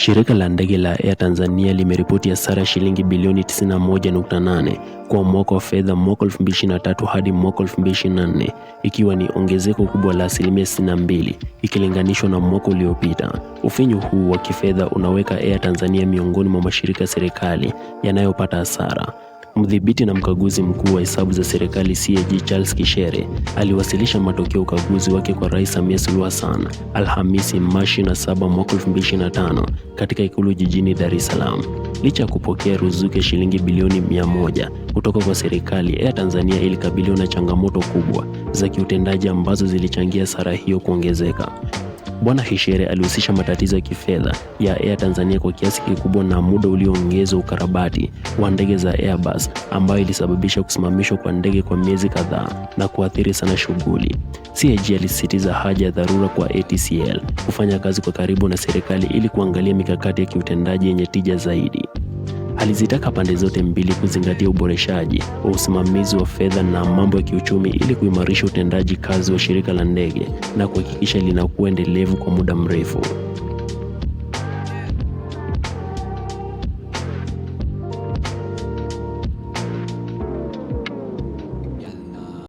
Shirika la ndege la Air Tanzania limeripoti hasara ya shilingi bilioni 91.8 kwa mwaka wa fedha mwaka 2023 hadi mwaka 2024, ikiwa ni ongezeko kubwa la asilimia 62 ikilinganishwa na mwaka uliopita. Ufinyu huu wa kifedha unaweka Air Tanzania miongoni mwa mashirika ya serikali yanayopata hasara. Mdhibiti na mkaguzi mkuu wa hesabu za serikali CAG Charles Kishere aliwasilisha matokeo ukaguzi wake kwa Rais Samia Suluhu Hassan Alhamisi, Machi 27 mwaka 2025 katika Ikulu jijini Dar es Salaam. Licha ya kupokea ruzuku ya shilingi bilioni 100 kutoka kwa serikali, Air Tanzania ilikabiliwa na changamoto kubwa za kiutendaji ambazo zilichangia sara hiyo kuongezeka. Bwana Hishere alihusisha matatizo ya kifedha ya Air Tanzania kwa kiasi kikubwa na muda ulioongezwa ukarabati wa ndege za Airbus ambayo ilisababisha kusimamishwa kwa ndege kwa miezi kadhaa na kuathiri sana shughuli. CAG alisisitiza haja ya dharura kwa ATCL kufanya kazi kwa karibu na serikali ili kuangalia mikakati ya kiutendaji yenye tija zaidi. Alizitaka pande zote mbili kuzingatia uboreshaji wa usimamizi wa fedha na mambo ya kiuchumi ili kuimarisha utendaji kazi wa shirika la ndege na kuhakikisha linakuwa endelevu kwa muda mrefu.